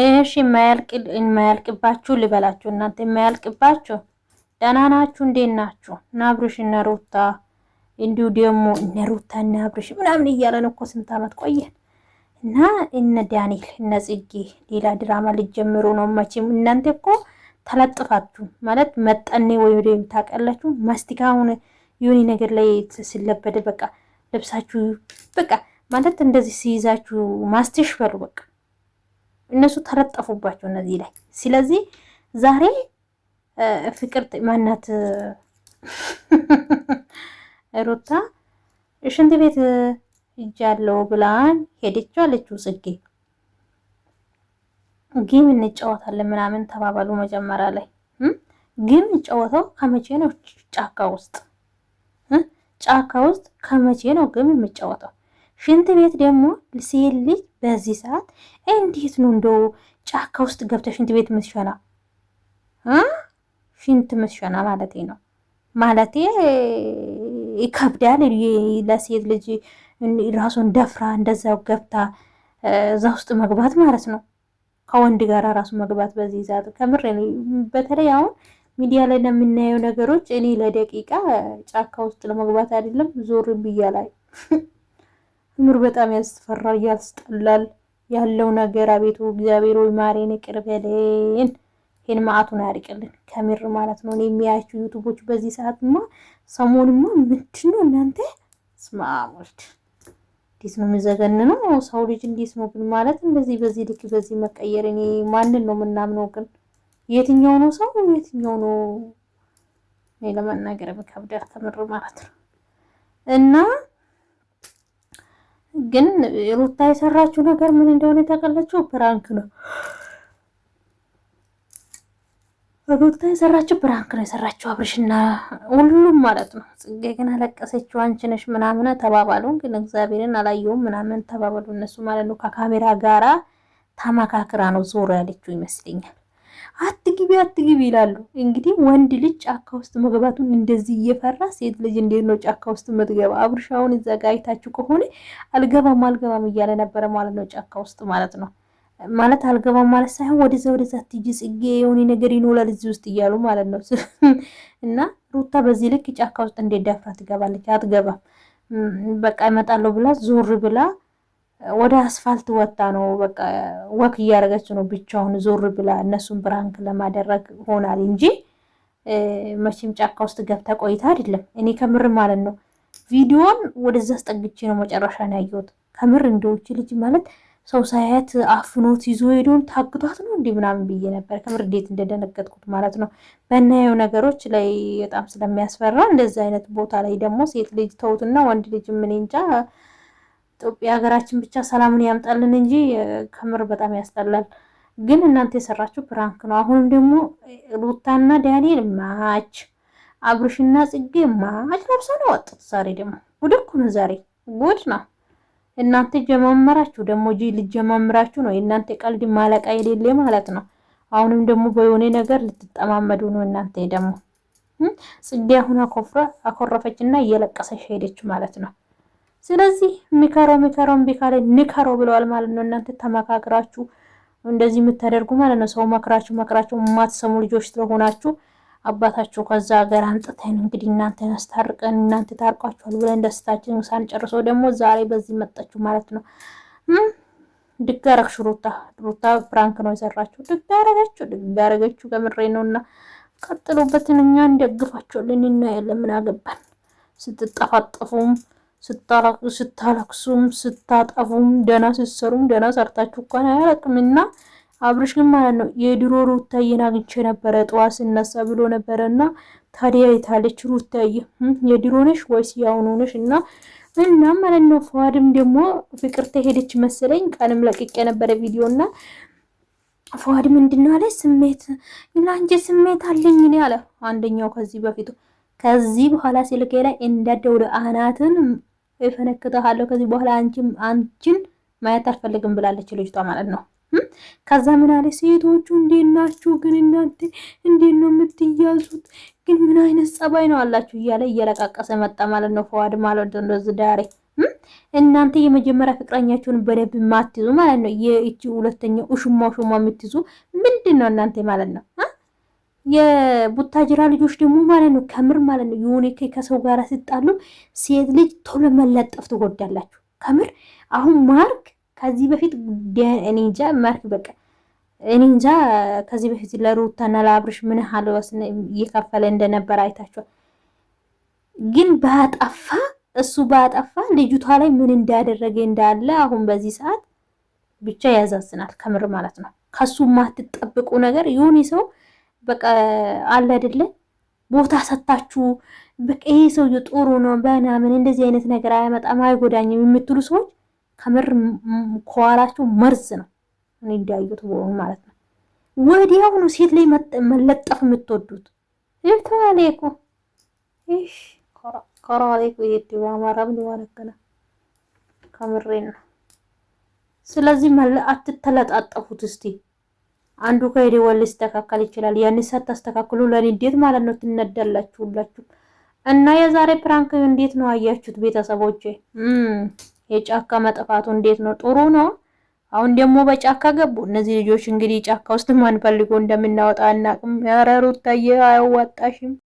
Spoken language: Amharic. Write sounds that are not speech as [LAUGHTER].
እሺ የማያልቅባችሁ ልበላችሁ፣ እናንተ የማያልቅባችሁ ደህና ናችሁ? እንዴት ናችሁ? እነ አብርሽ እነ ሩታ እንዲሁ ደግሞ እነ ሩታ እነ አብርሽ ምናምን እያለን እኮ ስንት ዓመት ቆየን እና እነ ዳንኤል እነ ጽጌ ሌላ ድራማ ልጀምሩ ነው መቼም። እናንተ እኮ ተለጥፋችሁ ማለት መጠኔ ወይ ወደ ታውቃላችሁ ማስቲካውን ዩኒ ነገር ላይ ስለበደ በቃ ልብሳችሁ በቃ ማለት እንደዚህ ሲይዛችሁ ማስቲሽ በሉ በቃ እነሱ ተለጠፉባቸው እነዚህ ላይ። ስለዚህ ዛሬ ፍቅር ማናት [LAUGHS] ሩታ ሽንት ቤት እጃለው ብላን ሄደች አለችው ጽጌ ግን እንጫወታለን ምናምን ተባባሉ። መጀመሪያ ላይ ግን እንጫወተው ከመቼ ነው ጫካ ውስጥ ጫካ ውስጥ ከመቼ ነው ግን የምጫወተው? ሽንት ቤት ደግሞ ሴት ልጅ በዚህ ሰዓት እንዴት ነው እንደው ጫካ ውስጥ ገብተ ሽንት ቤት መስሸና ሽንት መስሸና ማለት ነው ማለት ይከብዳል። ለሴት ልጅ ራሱን ደፍራ እንደዛው ገብታ እዛ ውስጥ መግባት ማለት ነው ከወንድ ጋር ራሱ መግባት በዚህ ሰዓት ከምር በተለይ አሁን ሚዲያ ላይ ለምናየው ነገሮች እኔ ለደቂቃ ጫካ ውስጥ ለመግባት አይደለም ዞር ላይ [LAUGHS] ምር በጣም ያስፈራል፣ ያስጠላል ያለው ነገር። አቤቱ እግዚአብሔር ወይ ማሬን፣ ይቅር በለን። ይህን መዓቱን አያርቅልን ከምር ማለት ነው። እኔ የሚያያችሁ ዩቱቦች በዚህ ሰዓትማ ሰሞንማ ምንድን ነው እናንተ ስማሞች፣ እንዴት ነው የሚዘገን ነው ሰው ልጅ እንዴት ነው ግን ማለት እንደዚህ በዚህ ልክ በዚህ መቀየር። እኔ ማንን ነው የምናምነው ግን? የትኛው ነው ሰው የትኛው ነው? እኔ ለመናገር በከብዳር ከምር ማለት ነው እና ግን ሩታ የሰራችው ነገር ምን እንደሆነ የታቀለችው ፕራንክ ነው። ሩታ የሰራችው ፕራንክ ነው የሰራችው አብርሽና ሁሉም ማለት ነው። ጽጌ ግን አለቀሰችው አንቺ ነሽ ምናምን ተባባሉ። ግን እግዚአብሔርን አላየውም ምናምን ተባባሉ እነሱ ማለት ነው። ከካሜራ ጋራ ተመካክራ ነው ዞር ያለችው ይመስለኛል። አትግቢ አትግቢ ይላሉ። እንግዲህ ወንድ ልጅ ጫካ ውስጥ መግባቱን እንደዚህ እየፈራ ሴት ልጅ እንዴት ነው ጫካ ውስጥ የምትገባ? አብርሻውን እዛ ጋ አይታችሁ ከሆነ አልገባም አልገባም እያለ ነበረ ማለት ነው፣ ጫካ ውስጥ ማለት ነው። ማለት አልገባም ማለት ሳይሆን ወደዛ ወደዛ ትጂ ጽጌ የሆነ ነገር ይኖላል እዚህ ውስጥ እያሉ ማለት ነው። [LAUGHS] እና ሩታ በዚህ ልክ ጫካ ውስጥ እንዴት ዳፍራ ትገባለች? አትገባም። በቃ ይመጣለሁ ብላ ዞር ብላ ወደ አስፋልት ወጣ ነው በቃ ወክ እያደረገች ነው ብቻውን ዞር ብላ እነሱን ብራንክ ለማደረግ ሆናል እንጂ መቼም ጫካ ውስጥ ገብታ ቆይታ አይደለም። እኔ ከምር ማለት ነው ቪዲዮን ወደዛ አስጠግቼ ነው መጨረሻ ነው ያየሁት። ከምር እንደውች ልጅ ማለት ሰው ሳያት አፍኖት ይዞ ሄዶን ታግቷት ነው እንዲህ ምናምን ብዬ ነበር። ከምር እንዴት እንደደነገጥኩት ማለት ነው። በናየው ነገሮች ላይ በጣም ስለሚያስፈራ እንደዚ አይነት ቦታ ላይ ደግሞ ሴት ልጅ ተውትና ወንድ ልጅ ምን እንጃ ኢትዮጵያ ሀገራችን ብቻ ሰላምን ያምጣልን እንጂ ከምር በጣም ያስጠላል። ግን እናንተ የሰራችሁ ፕራንክ ነው። አሁንም ደግሞ ሩታና ዳንኤል ማች፣ አብርሽና ጽጌ ማች ለብሰው ነው ወጡት። ዛሬ ደግሞ ጉድ እኮ ነው። ዛሬ ጉድ ነው። እናንተ ጀማምራችሁ ደግሞ ጂ ልጀማምራችሁ ነው። የእናንተ ቀልድ ማለቃ የሌለ ማለት ነው። አሁንም ደግሞ በሆነ ነገር ልትጠማመዱ ነው እናንተ ደግሞ ጽጌ አሁን አኮረፈች እና እየለቀሰች ሄደች ማለት ነው። ስለዚህ ምከረው ምከረው እምቢ ካለ ንከረው ብለዋል ማለት ነው። እናንተ ተመካክራችሁ እንደዚህ የምታደርጉ ማለት ነው። ሰው መክራችሁ መክራችሁ የማትሰሙ ልጆች ስለሆናችሁ አባታችሁ ከዛ ሀገር አንጥተን እንግዲህ እናንተ አስታርቀን እናንተ ታርቋችኋል ብለን ደስታችን ሳንጨርሰው ደግሞ ዛሬ በዚህ መጣችሁ ማለት ነው። ድጋረግሽ ሩታ ሩታ ፍራንክ ነው የሰራችሁ። ድጋረገችሁ ድጋረገችሁ ከምሬ ነው። እና ቀጥሎበትን እኛ እንደግፋችኋልን ልንናያለን። ምን አገባን ስትጠፋጠፉም ስታለቅሱም ስታጠፉም ደና ስትሰሩም ደና ሰርታችሁ እንኳን አያረቅም እና አብርሽ ግን ማለት ነው የድሮ ሩታዬን አግኝቼ ነበረ ጠዋት ስነሳ ብሎ ነበረ። እና ታዲያ የታለች ሩታዬ? የድሮ ነሽ ወይስ ያሁኑ ነሽ? እና እና ማለት ነው ፏድም ደግሞ ፍቅር ተሄደች መሰለኝ ቀንም ለቅቄ ነበረ ቪዲዮ እና ፏድ ምንድን አለ ስሜት ለአንቺ ስሜት አለኝ እኔ አለ አንደኛው ከዚህ በፊቱ ከዚህ በኋላ ስልኬ ላይ እንዳደውለ አናትን እፈነክተሃለሁ ከዚህ በኋላ አንቺን ማየት አልፈልግም ብላለች ልጅቷ ማለት ነው። ከዛ ምን አለ ሴቶቹ እንዴት ናችሁ ግን እናንተ እንዴት ነው የምትያዙት ግን ምን አይነት ጸባይ ነው አላችሁ እያለ እየለቃቀሰ መጣ ማለት ነው። ፈዋድ ማለት እንደዚህ ዳሬ እናንተ የመጀመሪያ ፍቅረኛችሁን በደንብ ማትይዙ ማለት ነው። የእቺ ሁለተኛው ሹማ ሹማ የምትይዙ ምንድን ነው እናንተ ማለት ነው። የቡታጅራ ልጆች ደግሞ ማለት ነው ከምር ማለት ነው የሆነ ከሰው ጋር ሲጣሉ ሴት ልጅ ቶሎ መለጠፍ ትጎዳላችሁ። ከምር አሁን ማርክ ከዚህ በፊት እኔ እንጃ ማርክ በቃ እኔ እንጃ ከዚህ በፊት ለሩታና ለአብርሽ ምን ሀልወስ እየከፈለ እንደነበረ አይታችኋል። ግን ባጠፋ እሱ ባጠፋ ልጅቷ ላይ ምን እንዳደረገ እንዳለ አሁን በዚህ ሰዓት ብቻ ያዛዝናል። ከምር ማለት ነው ከሱ ማትጠብቁ ነገር የሆነ ሰው በቃ አለ አይደለ ቦታ ሰታችሁ በቃ ይሄ ሰውዬ ጥሩ ነው በናምን እንደዚህ አይነት ነገር አያመጣም አይጎዳኝም የምትሉ ሰዎች ከምር ከኋላችሁ መርዝ ነው። እኔ እንዲያዩት በሆኑ ማለት ነው። ወዲያውኑ ሴት ላይ መለጠፍ የምትወዱት ይብትማሌኩ ይሽ ከራሌኩ የት በአማራ ምን ዋለገና ከምሬ ነው። ስለዚህ አትተለጣጠፉት እስቲ። አንዱ ከሄደ ሊስተካከል ይችላል። ያን ሳታስተካክሉ ለኔ እንዴት ማለት ነው? ትነዳላችሁ ሁላችሁ። እና የዛሬ ፕራንክ እንዴት ነው አያችሁት? ቤተሰቦች የጫካ መጥፋቱ እንዴት ነው? ጥሩ ነው። አሁን ደግሞ በጫካ ገቡ እነዚህ ልጆች። እንግዲህ ጫካ ውስጥ ማን ፈልጎ እንደምናወጣ አናውቅም። ኧረ ሩታዬ አያዋጣሽም።